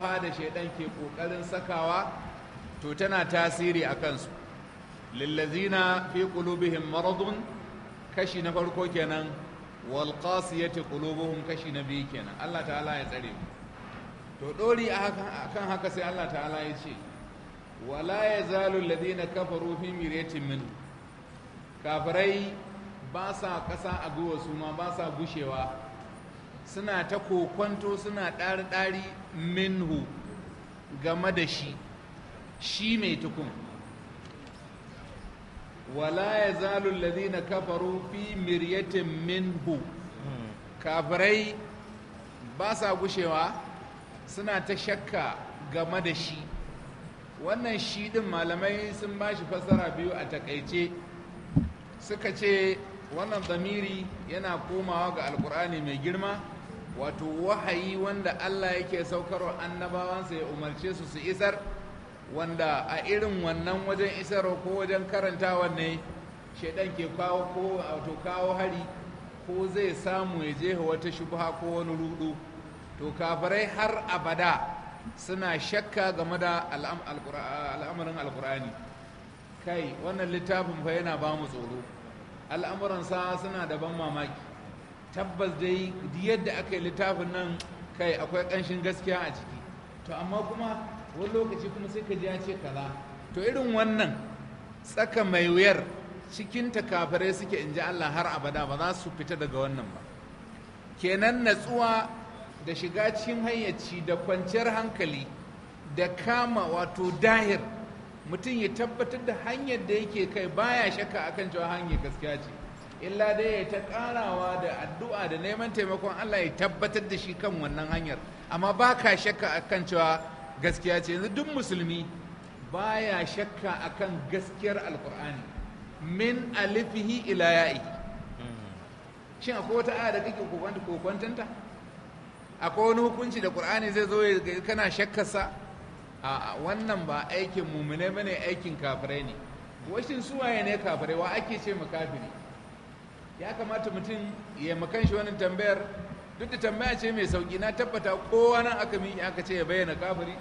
da shaidan ke ƙoƙarin sakawa to tana tasiri a kansu lillazina fi qulubihim maradun kashi na farko kenan wal qasiyati qulubuhum kashi na biyu kenan Allah ta'ala ya tsare mu to dori akan haka sai Allah ta'ala ya ce wala yazalu alladhina kafaru fi miratin min kafirai ba sa kasa a gowa su ma ba sa gushewa suna ta kokwanto suna ɗari-ɗari minhu game da shi shi mai tukun wala ya zalu na kafaru fi miryatin minhu kafirai ba sa gushewa suna ta shakka game da shi wannan shi ɗin malamai sun ba shi fassara biyu a takaice suka ce wannan zamiri yana komawa ga alkur'ani mai girma wato wahayi wanda Allah yake saukarwa annabawansa ya umarce su su isar wanda a irin wannan wajen isar ko wajen karantawa ne shaidan ke kawo ko auto kawo hari ko zai samu ya jefa wata shubha ko wani rudu to kafirai har abada suna shakka game da al'amarin alkur'ani kai wannan littafin fa yana ba mu tsoro al'amuransa suna da ban mamaki tabbas dai yadda aka yi littafin nan kai akwai ƙanshin gaskiya a ciki to amma kuma wani lokaci kuma sai ka ji ya ce kaza to irin wannan tsaka mai wuyar cikin takafare suke in ji Allah har abada ba za su fita daga wannan ba kenan natsuwa da shiga cikin hayyaci da kwanciyar hankali da kama wato dahir mutum ya tabbatar da hanyar da yake kai baya shakka akan cewa hanyar gaskiya ce illa dai ya ta karawa da addu'a da neman taimakon Allah ya tabbatar da shi kan wannan hanyar amma ba ka shakka akan cewa gaskiya ce yanzu duk musulmi baya shakka akan gaskiyar alkur'ani min alifihi ila ya'i shin akwai wata aya da kake kokwantanta akwai wani hukunci da qur'ani zai zo kana sa? a wannan ba aikin mumune bane aikin kafirai ne washin suwaye ne kafirai wa ake ce mu kafiri ya kamata mutum ya makan shi wani tambayar duk da tambaya ce mai sauki na tabbata kowa nan aka miƙe aka ce ya bayyana kafiri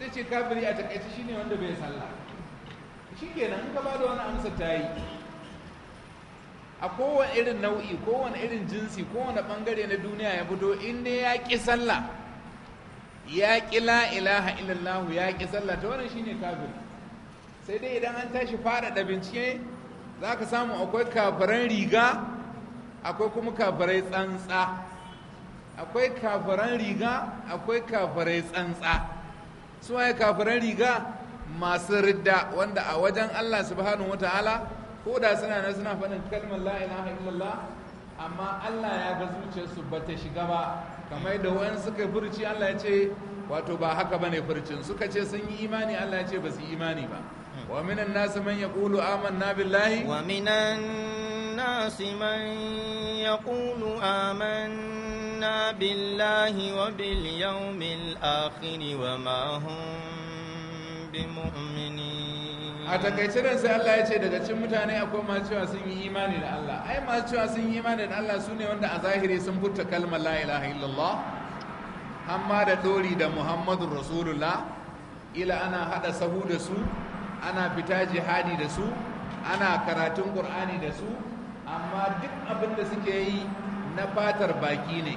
zai ce kafiri a takaice shine wanda bai sallah shikenan in ka ba da wani amsa ta yi a kowane irin nau'i kowane irin jinsi kowane bangare na duniya ya fito in dai ya ƙi sallah ya ƙi la ilaha illallah ya ƙi sallah ta wannan shine kafiri sai dai idan an tashi fara da bincike za ka samu akwai kafiran riga akwai kuma kafirai tsantsa akwai kafiran riga akwai kafirai tsantsa su waye kafiran riga masu ridda wanda a wajen Allah subhanahu wataala ko da suna na suna fadin kalmar la ilaha illallah amma Allah ya ga zuciyarsu ba ta shiga ba kamar da wayan suka furci Allah ya ce wato ba haka bane furcin suka ce sun yi imani Allah ya ce ba su yi imani ba wa minan nasu man yaqulu amanna billahi wa minan الناس من يقول آمنا بالله وباليوم الآخر وما هم بمؤمنين a takaice da sai Allah ya ce daga cikin mutane akwai masu cewa sun yi imani da Allah ai masu cewa sun yi imani da Allah su ne wanda a zahiri sun furta kalmar la ilaha illallah amma da dori da Muhammadu Rasulullah ila ana hada sahu da su ana fita jihadi da su ana karatun Kur'ani da su amma duk abin da suke yi na fatar baki ne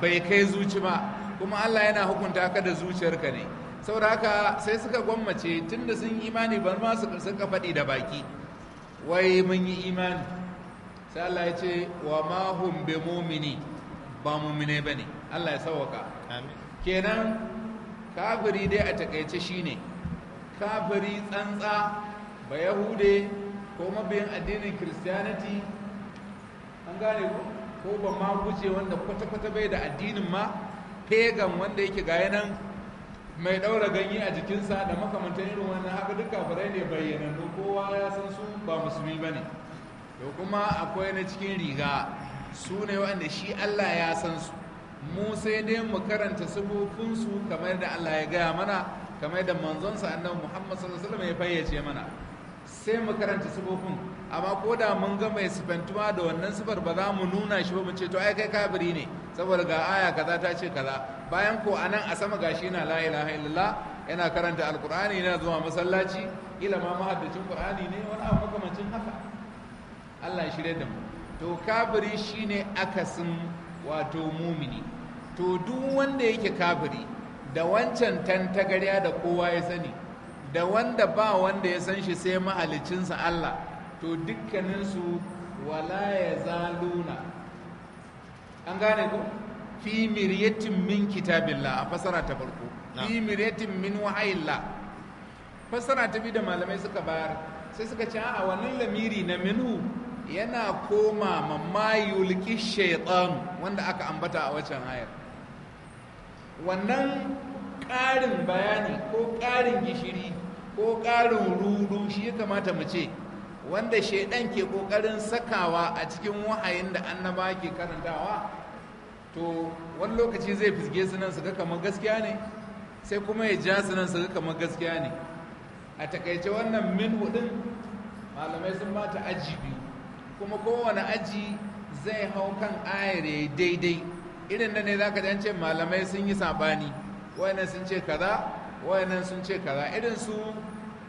bai kai zuci ba kuma Allah yana hukunta ka da zuciyarka ne saboda haka sai suka gwammace tunda sun yi imani ban ma su suka faɗi da baki wai mun yi imani sai Allah ya ce wa ma hum bi mu'mini ba mu'mine bane Allah ya sauka amin kenan kafiri dai a takaice shine kafiri tsantsa ba yahude ko mabiyin addinin christianity kun gane ku ko ba ma guje wanda kwata-kwata bai da addinin ma pagan wanda yake gaya nan mai ɗaura ganye a jikin sa da makamantan irin wannan haka duk kafirai ne bayyanannu kowa ya san su ba musulmi ba ne da kuma akwai na cikin riga su ne wanda shi allah ya san su mu sai dai mu karanta su kamar da allah ya gaya mana kamar da manzonsa annabi muhammad sallallahu alaihi wasallam ya fayyace mana sai mu karanta sufufin amma ko da mun ga mai sifantuma da wannan sifar ba za mu nuna shi ba mu ce to ai kai kafiri ne saboda ga aya kaza ta ce kaza bayan ko anan a sama gashi na la ilaha illallah yana karanta alqur'ani yana zuwa masallaci kila ma mahaddacin qur'ani ne wani abu makamancin haka Allah ya shirye da mu to kafiri shine akasin wato mumini to duk wanda yake kafiri da wancan tantagarya da kowa ya sani da wanda ba wanda ya san shi sai mahalicinsa Allah to dukkaninsu wala ya zaluna an gane ku fi miryatin min kitabillah a fasara ta farko fi miryatin min wahayillah fasara ta bi da malamai suka bayar sai suka ce a wannan lamiri na minhu yana koma mamma yulki shaitan wanda aka ambata a wacan hayar wannan ƙarin bayani ko ƙarin gishiri ko ƙarin ruru shi ya kamata mu ce wanda shaidan ke kokarin sakawa a cikin wahayin da annaba ke karantawa to wani lokaci zai fisge su nan su ga kamar gaskiya ne sai kuma ya ja su nan su ga kamar gaskiya ne a takaice wannan min hudun malamai sun bata aji biyu kuma kowane aji zai hau kan ayare daidai irin da ne za ka ce malamai sun yi saɓani wayannan sun ce kaza wayannan sun ce kaza irin su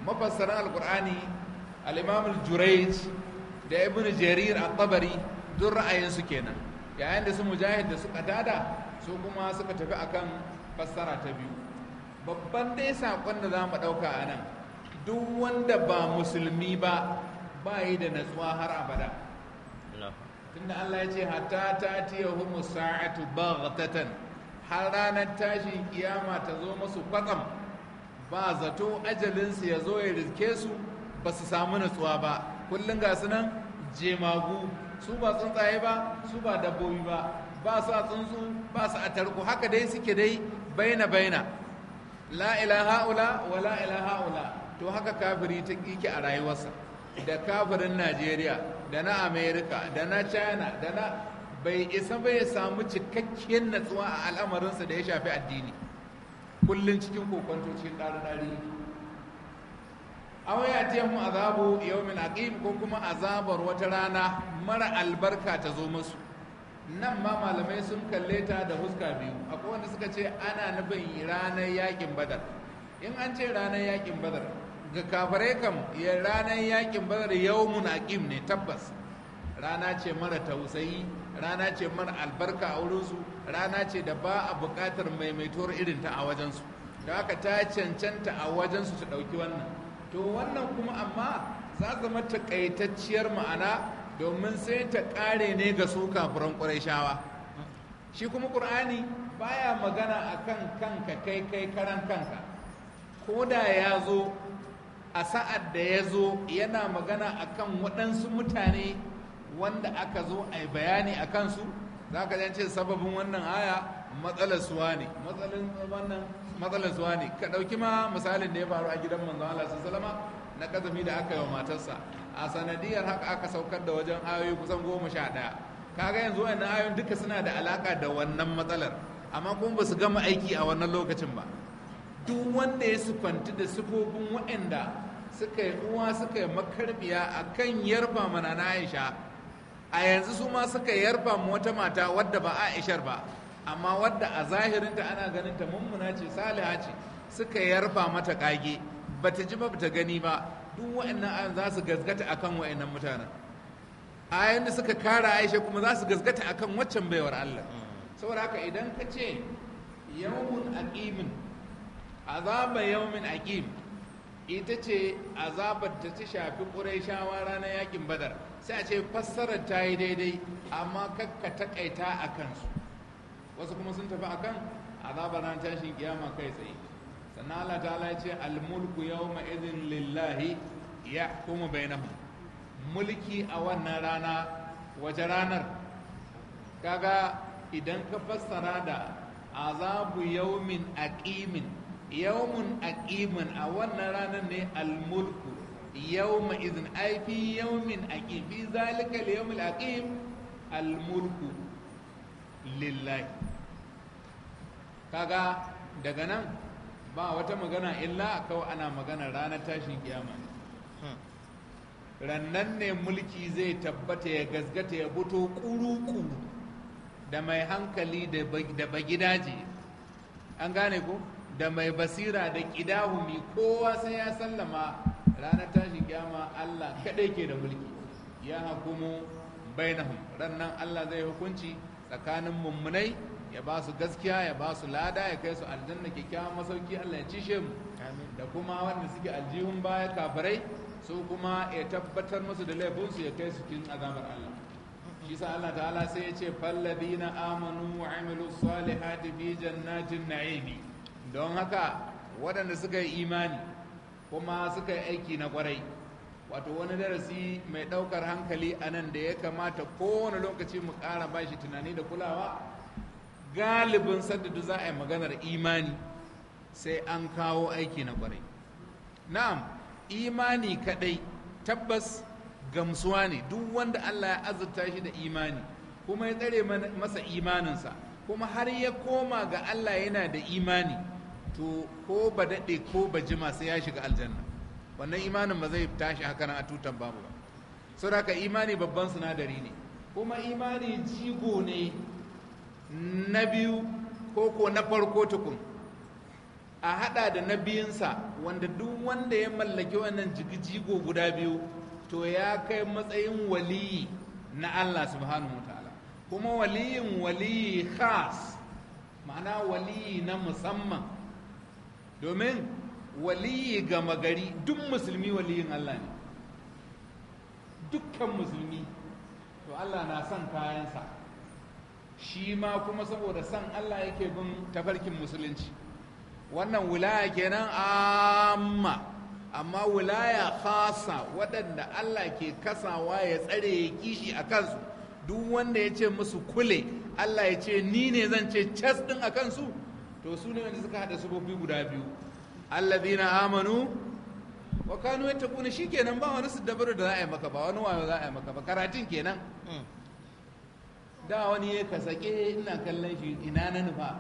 mafassaran alkur'ani al-imam al da ibn jarir a tabari duk ra'ayinsu kenan yayin da su mujahid da su qatada su kuma suka tafi akan fassara ta biyu babban dai sakon da za mu ɗauka a nan duk wanda ba musulmi ba ba yi da natsuwa har abada da Allah ya ce hatta ta tiyahu sa'atu baghtatan har ranar tashin kiyama ta zo masu kwatsam ba zato ajalinsu ya zo ya riske su ba su samu natsuwa ba kullum ga su nan jemagu su ba tsuntsaye ba su ba dabbobi ba ba su a tsuntsu ba su a tarko haka dai suke dai baina baina la ilaha ula wa la ilaha ula to haka kafiri ta kike a rayuwarsa da kafirin Najeriya da na Amerika da na China da na bai isa bai samu cikakkiyar natsuwa a al'amarinsa da ya shafi addini kullum cikin kokonto cikin ɗari-ɗari ce mu azabu yawmin aqim ko kuma azabar wata rana mara albarka ta zo musu nan ma malamai sun kalle ta da huska biyu akwai wanda suka ce ana nufin ranar yakin badar in an ce ranar yakin badar ga kafare kam ya ranar yakin badar yawmun aqim ne tabbas rana ce mara tausayi rana ce mara albarka a wurinsu rana ce da ba a buƙatar irin ta a wajensu da haka ta cancanta a wajensu ta ɗauki wannan to wannan kuma amma za zama takaitacciyar ma'ana domin sai ta ƙare ne ga su kafiran ƙurayshawa shi kuma ƙur'ani baya magana a kan kanka kai kai karan kanka ko da ya zo a sa'ad da ya zo yana magana a kan waɗansu mutane wanda aka zo a yi bayani a kansu za ka ce sababin wannan haya matsalar suwa ne matsalin wannan matsalar suwa ne ka ɗauki ma misalin da ya faru a gidan manzon Allah salama na kazami da aka yi wa matarsa a sanadiyar haka aka saukar da wajen ayoyi kusan goma sha ɗaya kaga yanzu wannan ayoyin duka suna da alaka da wannan matsalar amma kuma ba su gama aiki a wannan lokacin ba duk wanda ya sukwanti da sifofin waɗanda suka yi uwa suka yi makarbiya a kan yarfa mana na aisha a yanzu su ma suka yarba wata mata wadda ba aishar ba amma wadda a zahirinta ana ganin ta mummuna ce saliha ce suka yarfa mata kage bata ji ba bata gani ba duk wa'annan ayan za su gazgata akan wa'annan mutanen ayan da suka kara aisha kuma za su gazgata akan waccan baiwar Allah saboda haka idan ka ce yawmun aqimin azaba yawmin aqim ita ce azabar ta ta shafi ƙuraishawa ranar yakin badar sai a ce fassarar ta yi daidai amma kakka takaita a kansu wasu kuma sun tafi akan azaba ran tashin kiyama kai tsaye sannan Allah ta'ala ya ce al-mulku yawma idhin lillahi yahkumu bainahum mulki a wannan rana wace ranar kaga idan ka fassara da azabu yawmin aqimin yawmun aqimin a wannan ranar ne almulku yawma izin ai fi yawmin aqim fi zalika al-yawm al-aqim almulku lillahi kaga daga nan ba wata magana illa kawai ana magana ranar tashin kiyama hmm. rannan ne mulki zai tabbata ya gasgata ya buto kuru-kuru da mai hankali da bagidaje an gane ko da mai basira da kidahumi kowa sai ya sallama ranar tashin kiyama allah kaɗai ke da mulki ya hakumu bainahum rannan allah zai hukunci tsakanin mummunai ya ba su gaskiya ya ba su lada ya kai su aljanna kyakkyawan masauki Allah ya cishe mu da kuma wanda suke aljihun baya kafirai su kuma ya tabbatar musu da laifinsu ya kai su cikin azabar Allah shi sa Allah ta'ala sai ya ce falladina amanu wa amilu salihati fi jannatin na'imi don haka waɗanda suka yi imani kuma suka yi aiki na kwarai wato wani darasi mai ɗaukar hankali a nan da ya kamata kowane lokaci mu ƙara bashi tunani da kulawa galibin sadda za a yi maganar imani sai an kawo aiki na kwarai na'am imani kadai tabbas gamsuwa ne duk wanda Allah ya azurta shi da imani kuma ya tsare masa imaninsa kuma har ya koma ga Allah yana da imani to ko ba daɗe ko ba jima sai ya shiga aljanna wannan imanin ba zai tashi haka nan a tutan babu ba saboda imani babban sinadari ne kuma imani jigo ne na biyu ko ko na farko tukun a hada da na biyunsa wanda duk wanda ya mallaki wannan jigo guda biyu to ya kai matsayin waliyi na Allah subhanahu wataala kuma waliyin waliyi khas ma'ana waliyi na musamman domin waliyi ga gari duk musulmi waliyin Allah ne dukkan musulmi to Allah na son kayansa shi ma kuma saboda san Allah yake bin tafarkin musulunci wannan wilaya kenan amma amma wilaya khasa waɗanda Allah ke kasawa ya tsare ya kishi a kansu duk wanda ya ce musu kule Allah ya ce ni ne zan ce cas ɗin a kansu to su ne wanda suka haɗa sufofi guda biyu allazina amanu wa kanu yattaquna shikenan ba wani su dabaru da za a yi maka ba wani wayo za a yi maka ba karatin kenan mm. da wani ya ka sake ina kallon shi ina na nufa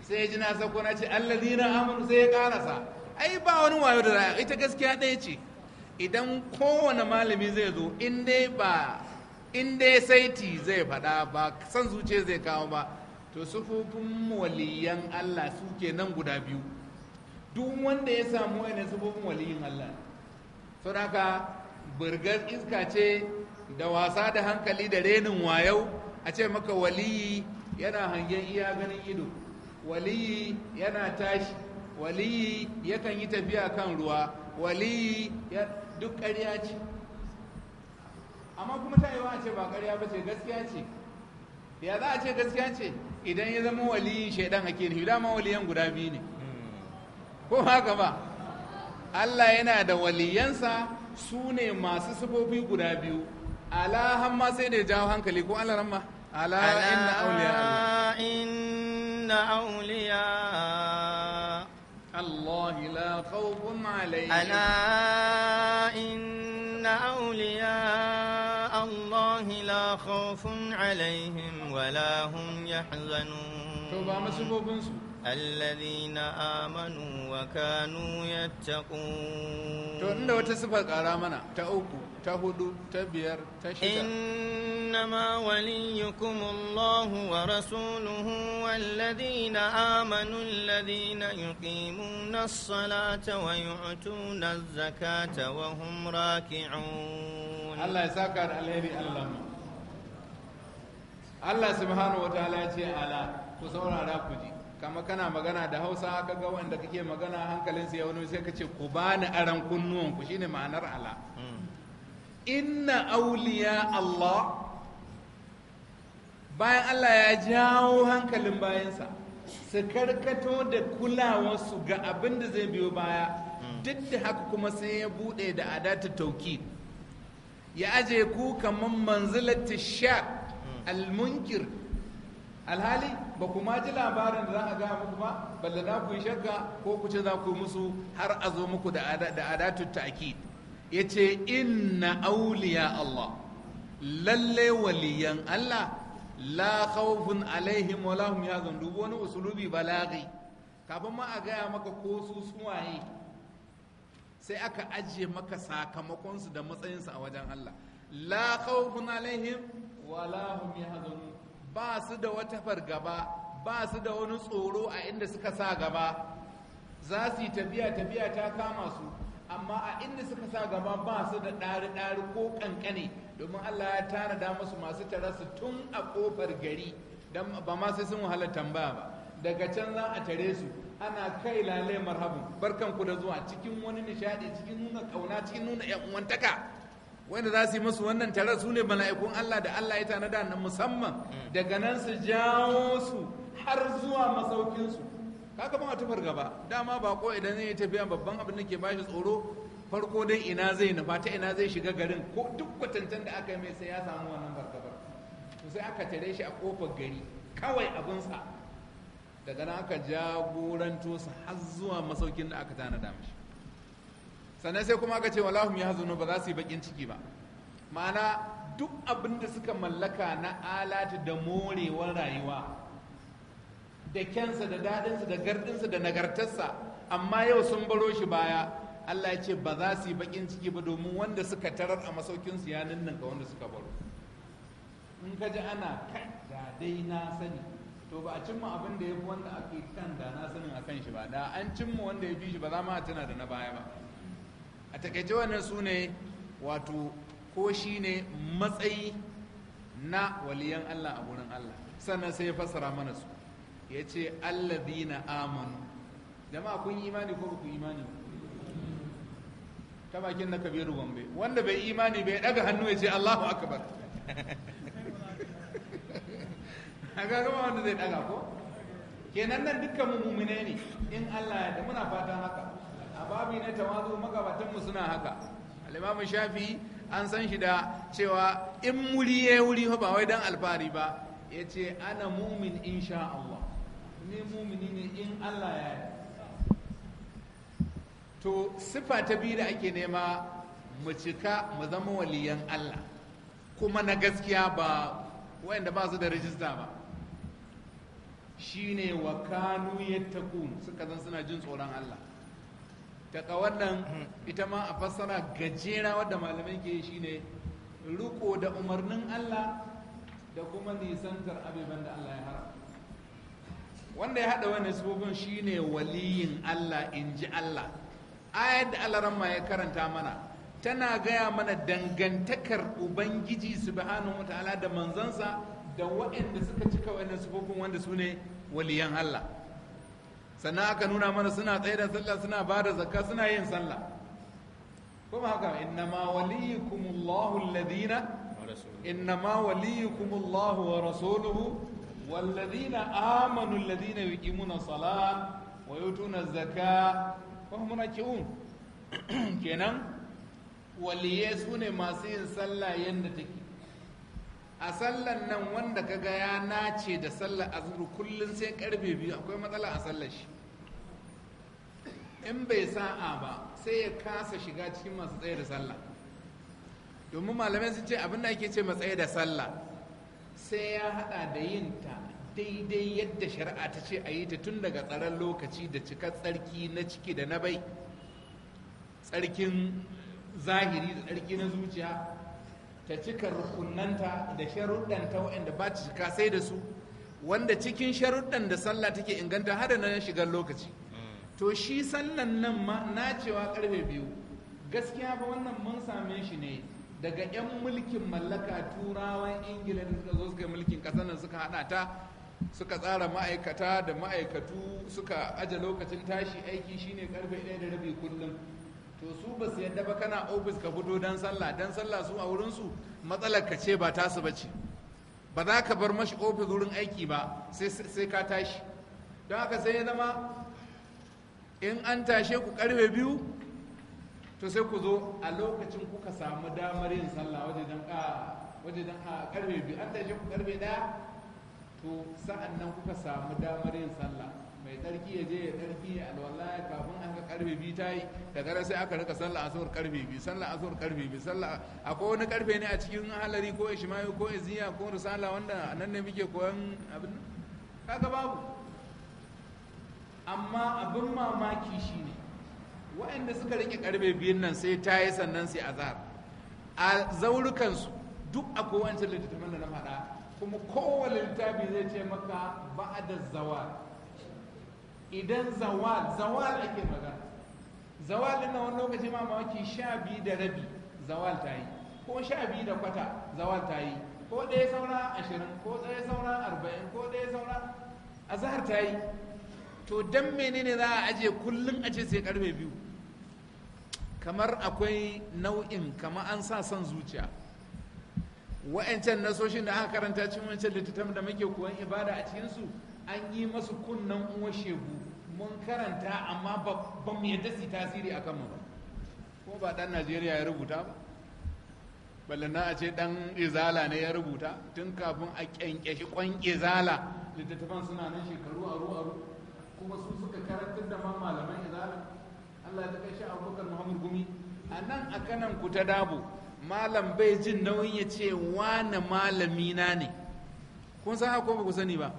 sai ji na sako na ce allazina amanu sai ya karasa ai ba wani wayo da raya ita gaskiya ɗaya ce idan kowane malami zai zo in dai ba in dai saiti zai faɗa ba san zuce zai kawo ba to sufufin waliyan Allah su ke nan guda biyu duk wanda ya samu wani sufufin waliyan Allah saboda haka burgar iska ce da wasa da hankali da renin wayau a ce maka waliyi yana hangen iya ganin ido waliyi yana tashi waliyi yakan yi tafiya kan ruwa waliyi duk ƙarya ce amma kuma ta yi a ce ba ƙarya ba ce gaskiya ce ya za a ce gaskiya ce idan ya zama waliyin shaidan ake nufi dama waliyan guda biyu ne ko haka ba Allah yana da waliyansa su ne masu sufofi guda biyu ala hamma sai da jawo hankali ko ala ramma ala inna awliya inna awliya Allah la khawfun alayhim ala inna awliya Allah la khawfun alayhim wa la hum الذين آمنوا وكانوا يتقون تقول wata sifar ƙara mana ta uku ta hudu ta biyar ta shida إنما وليكم الله ورسوله والذين آمنوا الذين يقيمون الصلاة ويؤتون الزكاة وهم راكعون الله يسكر عليه الله الله سبحانه وتعالى على ku saurara ku ji kama kana magana da hausa ka ga wanda kake magana hankalinsu ya wani sai ka ce ku bani aran kunnuwanku shine ma'anar ala hmm. inna auliya allah bayan allah ya jawo hankalin bayansa su karkato da kulawarsu ga abin da zai biyo baya hmm. duk da haka kuma sai ya bude da adatu tauki ya aje ku kamar manzilar shak hmm. almunkir alhali ba ku ma ji labarin da za a gaya muku ba balle za ku yi shakka ko ku ce za ku musu har a zo muku da adatun ta'kid ya ce inna auliya Allah lalle waliyan Allah la khawfun alaihim wa lahum zan dubu wani usulubi balaghi kafin ma a gaya maka ko su suwaye sai aka ajiye maka sakamakonsu da matsayinsu a wajen Allah la khawfun alaihim wa lahum yahzanun ba su da wata fargaba ba su da wani tsoro a inda suka sa gaba za su yi tafiya tafiya ta kama su amma a inda suka sa gaba ba su da ɗari-ɗari ko ƙanƙane domin allah ya tanada musu masu tara su tun a ƙofar gari ba ma sai sun wahala tambaya ba daga can za a tare su ana kai lalai marhabu barkan ku da zuwa cikin wani nishaɗi cikin nuna ƙauna cikin nuna 'yan uwantaka wanda za su yi masu wannan tare su ne mala'ikun Allah da Allah ya tanada na musamman mm. daga nan su jawo su har zuwa masaukin su kaga ba tufar gaba dama bako idan zai tafiya babban abin da ke bashi tsoro farko dai ina zai nufa ta ina zai shiga garin ko duk kwatantan da aka yi mai sai ya samu wannan barkabar to sai aka tare shi a kofar gari kawai abinsa daga nan aka jagoranto su har zuwa masaukin da aka tanada mishi sannan sai kuma aka ce walahum yahzunu ba za su yi bakin ciki ba ma'ana duk abin da suka mallaka na alatu da morewar rayuwa da kyansa da daɗinsa da gardinsa da nagartarsa amma yau sun baro shi baya Allah ya ce ba za su yi bakin ciki ba domin wanda suka tarar a masaukinsu ya ninninka wanda suka baro in ka ji ana kai da dai na sani to ba a cimma abin da ya fi wanda ake kan da na sanin a kan shi ba da an cimma wanda ya fi shi ba za ma a tuna da na baya ba a takaice wannan su ne wato ko shi ne matsayi na waliyan Allah a wurin Allah sannan sai ya fassara mana su ya ce na amanu jama'a kun yi imani ko ku imani ta bakin na kabiru gombe wanda bai imani bai daga hannu ya ce Allahu akbar a gagama wanda zai daga ko kenan nan dukkan mu mumine ne in Allah ya muna fatan haka babi na tawazu mu suna haka al'imamu shafi an san shi da cewa in muri ya wuri ba wai dan alfahari ba ya ce ana mumin insha Allah ne mumini ne in Allah ya yi to sifa ta biyu da ake nema mu cika mu zama waliyan Allah kuma na gaskiya ba wanda ba su da rijista ba shine wa kanu yattaqun suka zan suna jin tsoron Allah taka wannan ita ma a fassara gajera wadda malamai ke shi ne riko da umarnin Allah da kuma nisantar abubuwan da Allah ya haram wanda ya haɗa wani sufofin shi ne waliyin Allah in ji Allah ayar da Allah ramma ya karanta mana tana gaya mana dangantakar ubangiji subhanahu ta'ala da manzansa da waɗanda suka cika wani sufofin wanda su ne waliyan Allah sannan aka nuna mana suna tsaye da sallah suna ba da zakka suna yin sallah kuma haka inna ma Allahu alladhina inna ma waliyukumullahu wa rasuluhu walladhina amanu alladhina yuqimuna Salah, wa yutuna zakka kuma muna kiun kenan waliye sune masu yin sallah yadda take a sallan nan wanda ka ga ya nace da sallar azuru kullum sai karfe biyu akwai matsala a sallar shi in bai sa'a ba sai ya kasa shiga cikin masu tsaye da sallah domin malamai sun ce abin da ake ce matsaye da sallah sai ya hada da yin ta daidai yadda shari'a ta ce a yi ta tun daga tsaron lokaci da cikar tsarki na ciki da na bai tsarkin zahiri da tsarki na zuciya ta cika rukunanta da ta waɗanda ba ta cika sai da su wanda cikin sharuɗan da sallah take inganta har da na shigar lokaci to shi sallan nan ma na cewa karfe biyu gaskiya ba wannan mun same shi ne daga 'yan mulkin mallaka turawan ingila da suka zo suka yi mulkin ƙasar nan suka hada ta suka tsara ma'aikata da ma'aikatu suka aje lokacin tashi aiki shine karfe 1 da rabi kullum to su ba su yadda ba kana ofis ka fito don sallah don sallah su a wurinsu matsalar ka ce ba tasu ba ce ba za ka bar mashi ofis wurin aiki ba sai ka tashi don haka sai ya zama in an tashe ku karfe biyu to sai ku zo a lokacin kuka samu damar yin sallah wajen a karfe biyu an tashe ku karfe daya to sa'an nan kuka samu damar yin sallah mai tsarki ya je ya tsarki ya kafin an ga karfe biyu ta yi gara sai aka rika sallah asuwar karfe biyu sallah asuwar karfe biyu sallah akwai wani karfe ne a cikin halari ko ishmayu ko iziya ko risala wanda nan ne muke koyan abin kaga babu amma abin mamaki shine waɗanda suka rike karfe biyun nan sai ta yi sannan sai azhar a zaurukansu duk akwai wancan littattafan da na faɗa kuma kowane littafi zai ce maka da zawar idan zawal zawal ake magana zawal na wani lokaci ma mawaki sha biyu da rabi zawal ta yi ko sha biyu da kwata zawal ta yi ko ɗaya saura ashirin ko ɗaya saura arba'in ko ɗaya saura azahar ta yi to dan menene za a aje kullum a ce sai karfe biyu kamar akwai nau'in kamar an sa son zuciya wa'ancan nasoshin da aka karanta cikin wancan littattafan da muke koyon ibada a cikinsu an yi masu kunnan uwa shegu mun karanta amma ba mu yadda su tasiri a kanmu ba ko ba ɗan najeriya ya rubuta ba ballana a ce ɗan izala ne ya rubuta tun kafin a ƙyanƙyashi kwan izala littattafan suna nan shekaru aru aru kuma su suka karantar da ma malaman izala allah ya kai shi abubakar muhammad gumi a nan a kanan ku ta dabo malam bai jin nauyin ya ce wane malamina ne kun san haka ba ku sani ba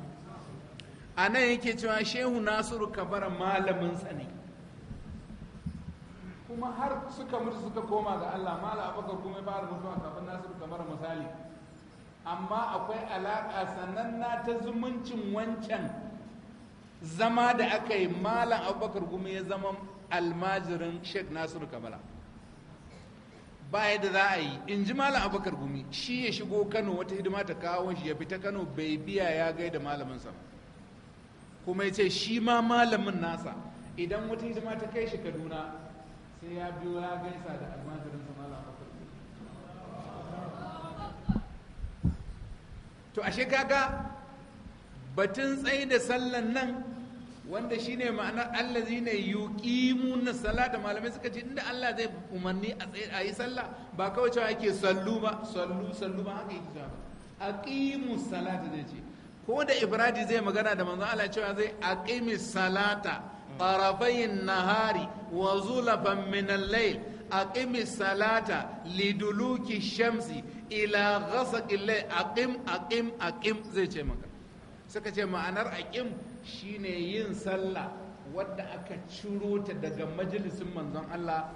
a nan yake cewa shehu nasiru kabara malaminsa ne kuma har suka mutu suka koma ga allah mala abakar kuma ya fara mutuwa kafin nasiru kabara misali amma akwai alaƙa na ta zumuncin wancan zama da aka yi malam abubakar gumi ya zama almajirin sheikh nasiru kabala ba yadda za a yi in ji malam abubakar gumi shi ya shigo kano wata hidima ta kawo shi ya fita kano bai biya ya gaida malamin sa kuma ya ce shi ma malamin nasa idan wata hidima ta kai shi kaduna sai ya biyo ya gaisa da almajirin sa malam to ashe kaga batun tsaye da sallan nan wanda shine ma'anar Allah zine sallah salata malamai suka ce inda Allah zai umarni a tsaye a yi sallah ba kawai cewa ake sallu ba sallu sallu ba haka yake cewa aqimus salata zai ce ko da ibradi zai magana da manzon Allah cewa zai aqimi salata tarafayin nahari wa zulafan min al-layl aqimi salata liduluki shamsi ila ghasaqi al-layl aqim aqim aqim zai ce maka suka ce ma'anar aqim shine yin sallah wadda aka ciro ta daga majalisin manzon Allah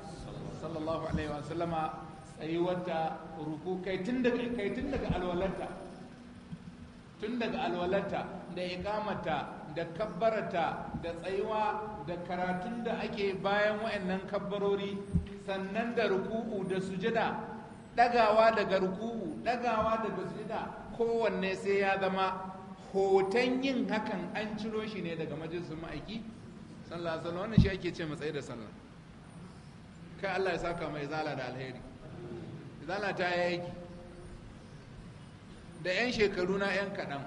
sallallahu alaihi wa sallama tsayuwarta ruku tun daga kai tun daga alwalarta tun daga alwalata da ikamata da kabbarata da tsayuwa da karatun da ake bayan wa'annan kabbarori sannan da ruku'u da sujada dagawa daga ruku'u dagawa daga sujada kowanne sai ya zama hoton yin hakan an ciro shi ne daga majalisun ma'aiki sallah sallah wannan shi ake ce matsayi da sallah kai Allah ya saka mai zala da alheri zala ta yi da 'yan shekaru na 'yan kaɗan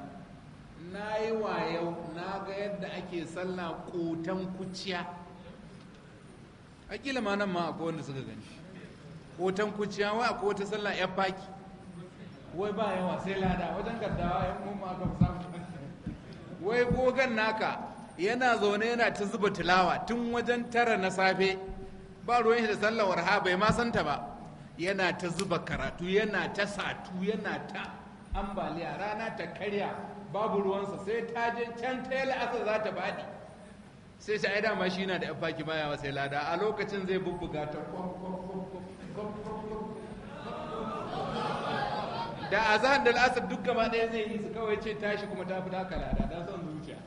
na yi wayau na ga yadda ake sallah kotan kuciya akila ma nan ma akwai wanda suka gani kotan kuciya wai akwai wata sallah ya faki wai ba yawa sai lada wajen gaddawa yan umma aka samu wai gogan naka yana zaune yana ta zuba tilawa tun wajen tara na safe ba ruwan shi da sallawar warha bai ma santa ba yana ta zuba karatu yana ta satu yana ta ambaliya rana ta karya babu ruwansa sai ta je can ta yi za ta baɗi sai shi da ma shi na da yafaki baya wa sai lada a lokacin zai bubbuga ta da a zahar da la'asar duk gaba ɗaya zai yi su kawai ce tashi kuma ta fi taka lada don son zuciya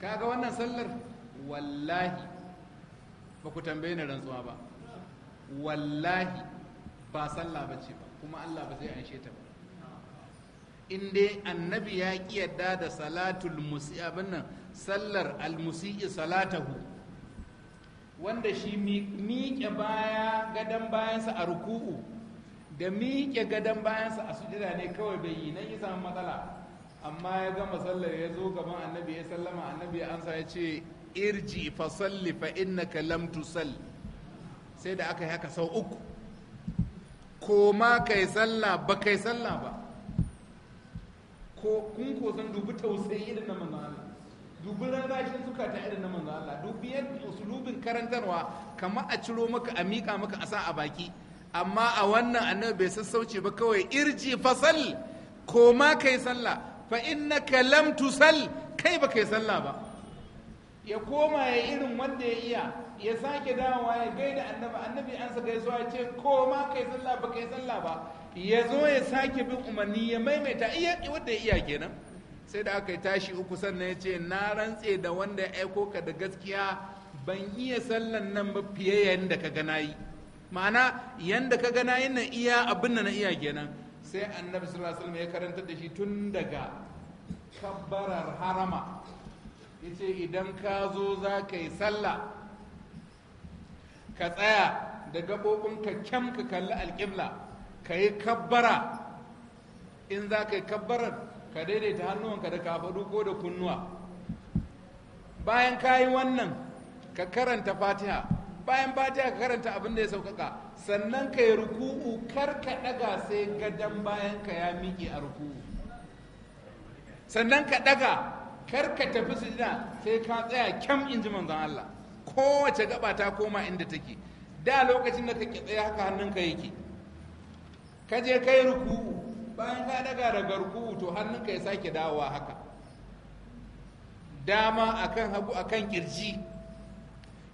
kaga wannan sallar wallahi ba ku tambaye ni rantsuwa ba wallahi ba sallah ba ce ba kuma Allah ba zai anshe ta ba in dai annabi ya ki yadda da salatul musi abin nan sallar almusi'i salatahu wanda shi miƙe baya gadon bayansa a ruku'u da miƙe gadon bayansa a sujida ne kawai bai yi nan yi samu matsala amma ya gama sallar ya zo gaban annabi ya sallama annabi ya ansa ya ce irji fa salli fa innaka lam tusalli sai da aka yi haka sau uku koma kai sallah ba kai sallah ba ko kun ko san dubi tausayi irin na manzo Allah dubi rangashin ta irin na manzo Allah dubi yadda usulubin karantarwa kama a ciro maka a miƙa maka a sa a baki amma a wannan annabi bai sassauce ba kawai irji fasal koma kai sallah fa innaka lam tusal kai ba kai sallah ba ya koma ya irin wanda ya iya ya sake dawowa ya gaida annabi annabi an sa gaisuwa ya ce ko ma kai sallah ba kai sallah ba ya zo ya sake bin umarni ya maimaita iya wanda ya iya kenan sai da aka yi tashi uku sannan ya ce na rantse da wanda ya aiko ka da gaskiya ban iya sallan nan ba fiye yadda ka gana yi ma'ana yadda ka gana yin nan iya abin da na iya kenan sai annabi sallallahu alaihi ya karanta da shi tun daga kabbarar harama yace idan ka zo za yi sallah ka tsaya da gaɓoɓinka kyam ka kalli alƙibla ka yi kabbara in za ka yi kabbarar ka daidaita hannuwanka da kafaɗu ko da kunnuwa bayan ka yi wannan ka karanta fatiha bayan fatiha ka karanta abin da ya sauƙaƙa sannan ka yi ruku'u kar ka ɗaga sai gadon bayan ka ya miƙe a ruku'u sannan ka ɗaga kar ka tafi sujina sai ka tsaya kyam in ji manzon Allah kowace gaba ta koma inda take da lokacin da ka tsaye haka hannunka yake ka je kai ruku'u bayan ka daga daga ruku'u to hannunka ya sake dawowa haka dama akan hagu akan kirji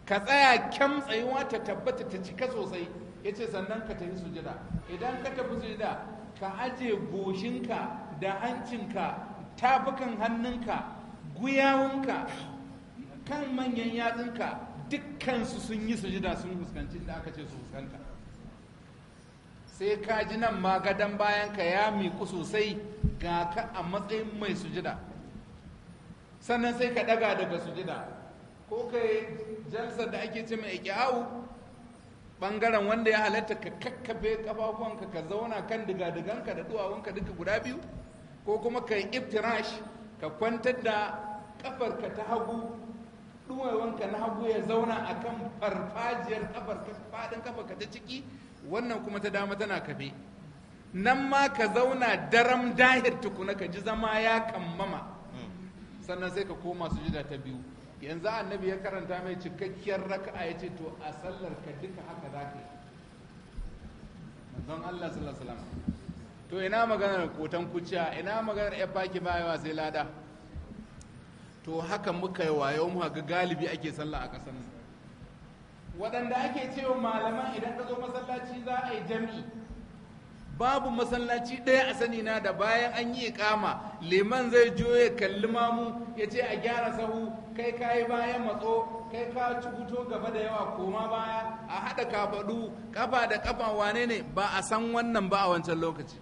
ka tsaya kyam tsayuwa ta tabbata ta cika sosai ya ce sannan ka tafi sujida idan ka tafi sujida ka aje goshinka da hancinka tafukan hannunka guyawunka kan manyan yatsunka dukkansu sun yi sujida sun fuskanci da aka ce su fuskanta sai ka ji nan ma bayan ka ya miƙu sosai ga ka a matsayin mai sujida sannan sai ka daga daga sujida ko kai jalsar da ake ce mai iki'awu bangaren wanda ya halatta ka kakkafe kafafunka ka zauna kan digadiganka da duwawunka duka guda biyu ko kuma ka yi iftirash ka kwantar da kafarka ta hagu wanka na hagu ya zauna a kan farfajiyar kafar faɗin kafa ka ta ciki wannan kuma ta dama tana kafe nan ma ka zauna daram dahir tukuna ka ji zama ya kammama sannan sai ka koma sujida ta biyu yanzu annabi ya karanta mai cikakkiyar raka'a ya ce to a sallar ka duka haka za ka yi manzon Allah sallallahu alaihi to ina maganar kotan kuciya ina maganar ya baki bayawa sai lada to haka muka yi wayo mu ga galibi ake sallah a ƙasar nan waɗanda ake cewa malaman idan ka zo masallaci za a yi jam'i babu masallaci ɗaya a sani na da bayan an yi ikama liman zai ya kalli mamu ya ce a gyara sahu kai ka yi bayan matso kai ka cuto gaba da yawa koma baya a haɗa kafaɗu kafa da kafa wane ne ba a san wannan ba a wancan lokaci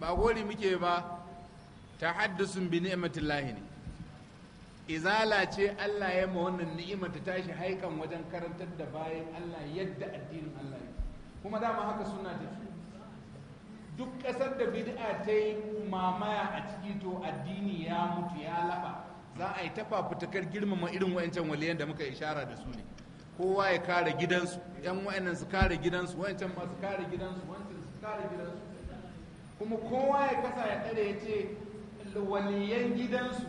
ba gori muke ba tahaddusun bi lahi ne izala ce Allah ya ma wannan ni'imar ta tashi haikan wajen karantar da bayan Allah yadda addinin Allah ne kuma dama haka suna tafi duk ƙasar da bid'a ta yi mamaya a ciki to addini ya mutu ya laba za a yi tafa fitakar girmama irin wa'ancan waliyan da muka ishara da su ne kowa ya kare gidansu yan wa'annan su kare gidansu wa'ancan ma su kare gidansu wa'ancan su kare gidansu kuma kowa ya kasa ya tsare ya ce waliyan gidansu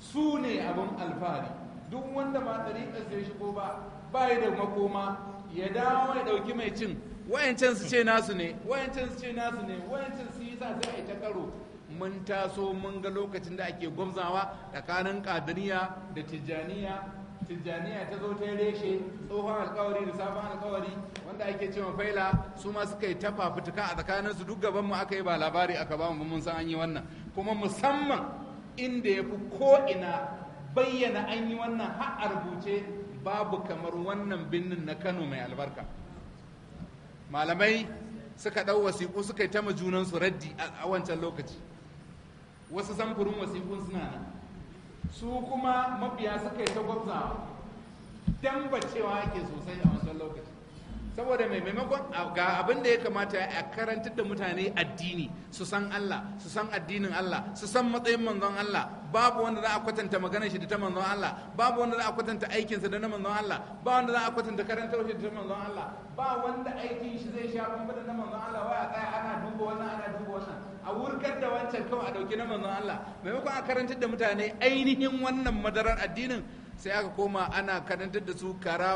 su ne abin alfahari duk wanda ba ɗariƙar ya shigo ba ba ya da makoma ya dawo ya ɗauki mai cin wayancan su ce nasu ne wayancan su ce nasu ne wayancan su yi sa sai a ta karo mun taso mun ga lokacin da ake gwamzawa tsakanin kadiriya da tijjaniya tijjaniya ta zo ta reshe tsohon alkawari da sabon alkawari wanda ake cewa faila su ma suka yi ta fafutuka a tsakaninsu duk gaban mu aka yi ba labari aka ba mu mun san an yi wannan kuma musamman inda ya fi ko'ina bayyana an yi wannan har a rubuce babu kamar wannan birnin na kano mai albarka malamai suka ɗau wasiƙu suka yi ta ma junansu raddi a wancan lokaci wasu samfurin wasiƙun suna nan su kuma mabiya suka yi ta gwabza dan bacewa ake sosai a wasu lokaci saboda mai maimakon ga abin da ya kamata a karantar da mutane addini su san Allah su san addinin Allah su san matsayin manzon Allah babu wanda za a kwatanta maganar shi da ta manzon Allah babu wanda za a kwatanta aikinsa da na manzon Allah ba wanda za a kwatanta karantar shi da ta manzon Allah ba wanda aikin shi zai sha kuma da na manzon Allah waya tsaya ana duba wannan ana duba wannan a wurgar da wancan kawai a dauki na manzon Allah maimakon a karantar da mutane ainihin wannan madarar addinin sai aka koma ana karantar da su kara